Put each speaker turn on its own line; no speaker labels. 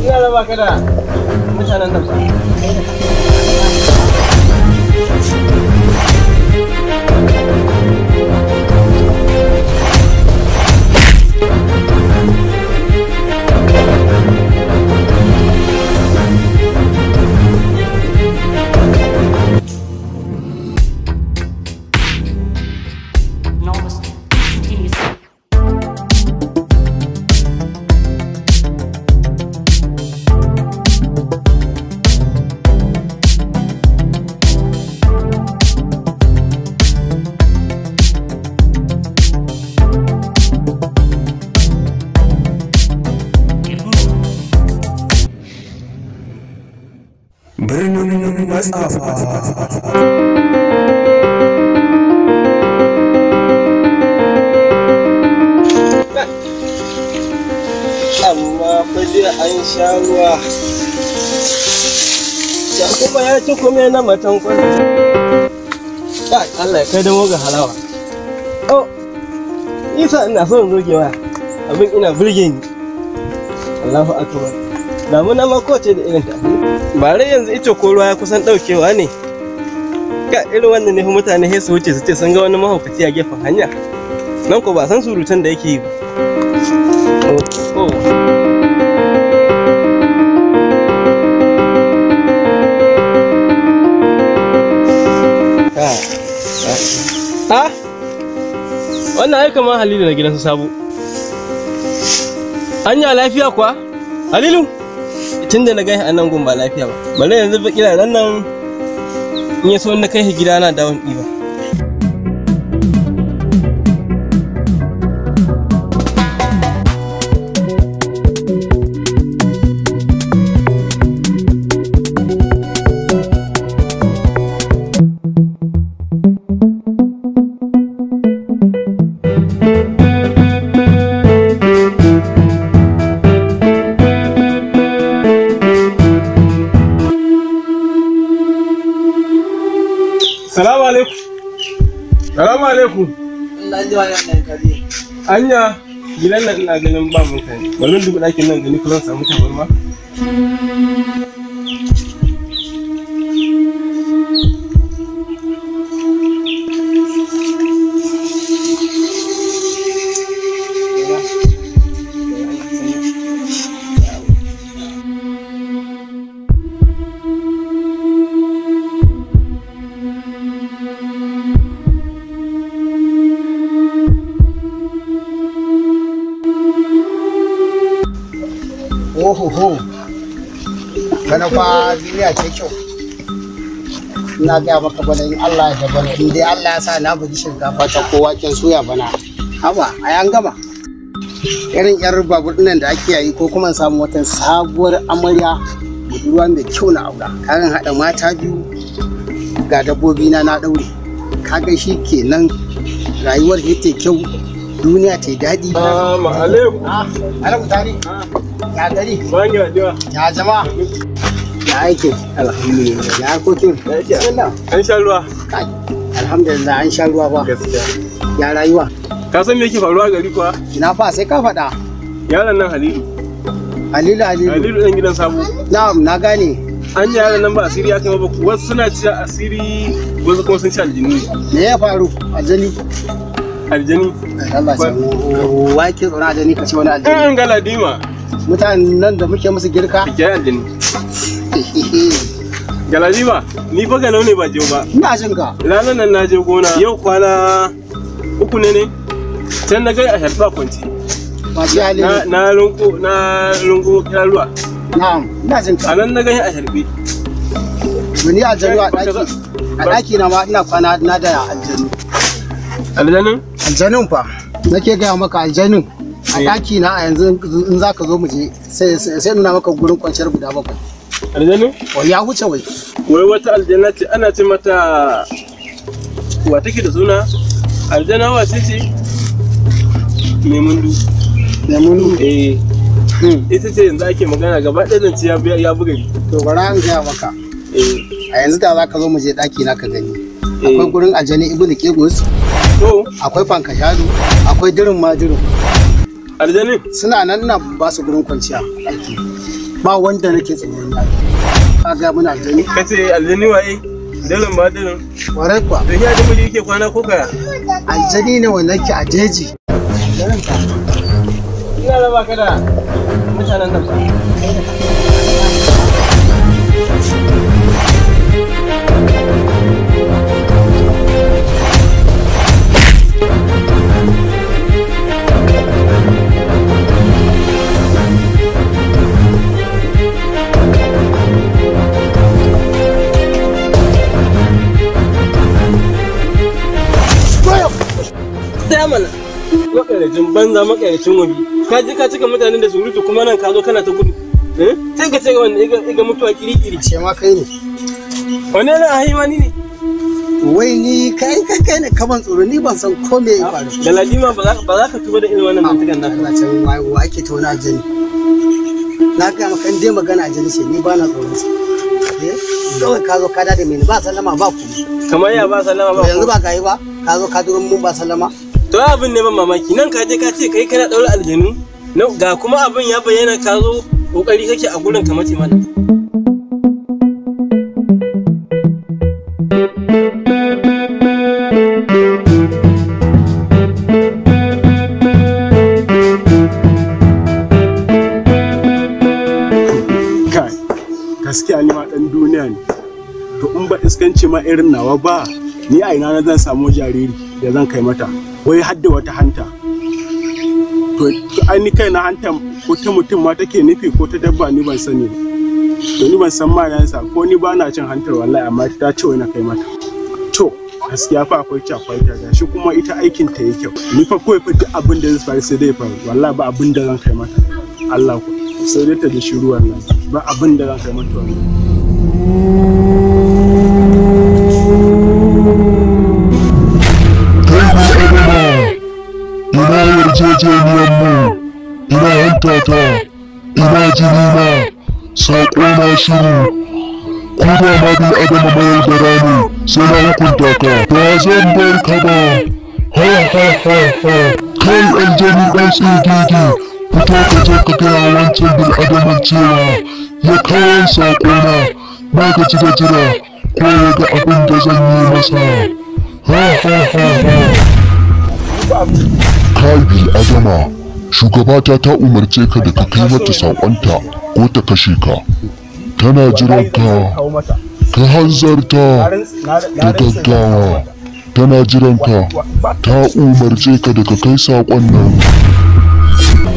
Iya lah, Pak. Kita. Kita nanti. birnin matsafa amma fa dai an sha ruwa da kuma ya ci na matan kwana da Allah kai da halawa oh, isa ina son rogewa abin ina burge ni Allahu akbar damuna ma kowace da irin ta bare yanzu ice ko ruwa ya kusan daukewa ne ga irin wannan ne mutane sai su wuce su ce sun ga wani mahaukaci a gefen hanya nan ko ba san surutan da yake yi ba oh. ah. Ah. ah, wannan ai kamar Halilu na gidansu sabo. Anya lafiya kuwa? Halilu? tun da na gan a nan gun ba lafiya ba bari yanzu ba kira nan in ya so na kai shi gida na dawon ɗiba Salamu alaikum. Salamu alaikum. Anya, gidan nan ina ganin ba mutane. Bari duk ɗakin nan gani kullum samu ma
ohoho bana fa duniya ce kyau ina gaya maka bana in Allah ya bana in dai Allah ya sa na bugi shinkafa ta ko waken suya bana haba a an gama irin yar babur ɗinnan da ake yi ko kuma samu wata sabuwar amarya budurwa mai kyau na aura kagan haɗa mata biyu ga dabbobi na na ɗaure kaga shi kenan rayuwar ita kyau duniya ta yi daɗi. Ya gari. Ban ya jiwa. Ya zama. Ya aiki. Alhamdulillah. Ya kokin. An sha ruwa. Alhamdulillah an sha ruwa ba. Ya rayuwa. Ka san me yake faruwa gari kuwa? Ina fa sai ka faɗa. Yaron nan Halilu. Halilu Halilu. Halilu ɗan gidan sabo. Na'am na gane. an yara nan ba asiri ya kai ba wasu suna ci asiri wasu kuma sun ci aljini me ya faru aljani aljani Allah ya wake tsoron aljani ka ci wani aljani an galadima mutanen nan da muke musu girka ke aljini galadiba ni fa ganau ne ba je ba ina jin ka
ranar nan na je gona yau kwana uku ne ne can na gai a herba kwanci na rungu na rungu kiraruwa
na'am ina jin ka a anan na gai a herbe ni a jaru a daki a daki na ma ina kwana na da aljanu aljanun aljanun fa nake gaya maka aljanun a daki na a yanzu in za ka zo mu je sai nuna maka gurin kwanciyar guda bakwai aljanu wai ya huce wai
wai wata aljanna ce ana ce mata wa take da suna aljanna wa ce ce memundu memundu eh hmm. ita ce yanzu ake magana gaba
ɗaya zance ya ya buga to bara an gaya maka eh. a yanzu da za ka zo mu je daki na ka gani eh. akwai gurin aljani ibnu kegus akwai fankashado akwai dirin ma dirin aljanin suna nan nan ba su gurin kwanciya aiki ba wanda nake tsoron ya ka ga muna aljani kace aljani waye dalin ba
dalin Ware kwa to ya da miji yake kwana ko kaya
aljani ne wannan ke a jeji
ina da ka da mutanen nan mana makarajin banza makarajin wani. ka ji ka cika mutane da surutu kuma nan ka zo kana ta gudu eh? sai ka ce wani iga mutuwa kiri-kiri. ce ma kai ne
wani yana ahima ni ne wai ni kai ka kai ne kaman tsoro ni ban san ko me ya faru
da ladima ba za
ka tuba da irin wannan mutukan nan Allah can wai wa ake tona jini na ga maka in dai magana jini ce ni ba na tsoron sa eh? kawai ka zo ka dade mini ba sallama ba ku kamar ya ba sallama ba yanzu ba ka yi ba ka zo ka duro mun ba sallama
to abin ban mamaki nan ka je ka ce kai kana daura aljanu ga kuma abin ya bayyana ka zo kokari kake a gurin ka mace mana gaskiya ni ma dan duniya ne to in ba iskanci ma irin nawa ba ni a ina na zan samu jariri da zan kai mata wai hadda wata hanta to ni kai na hanta ko ta mutum ma take nufi ko ta dabba ni ban sani ba to ni ban san ma ko ni ba na cin hantar wallahi amma ta ce wai na kai mata to gaskiya fa akwai cakwaita ga shi kuma ita aikin ta yake ni fa kawai fa duk abin da zai faru sai dai faru wallahi ba abin da zan kai mata Allah ku sai dai ta da shi ruwan nan ba abin da zan kai mata wallahi yarjejeniyarmu ina hanta ta ina jinina saƙo na shiru ko da ma bi adama mayar da rani sai ha ha ha ha kai aljani ɗan tsigidi fito ka je ka gaya wancan bil adaman cewa ya kawan saƙo na ba ka ci da jira ko ya ga abin da zan yi ha ha ha ha kai bil adama shugabata ta umarce ka da ka kai mata saƙonta ko ta kashe ka tana jiran ka ka hanzarta da gaggawa tana jiran ka ta umarce ka da ka kai saƙon nan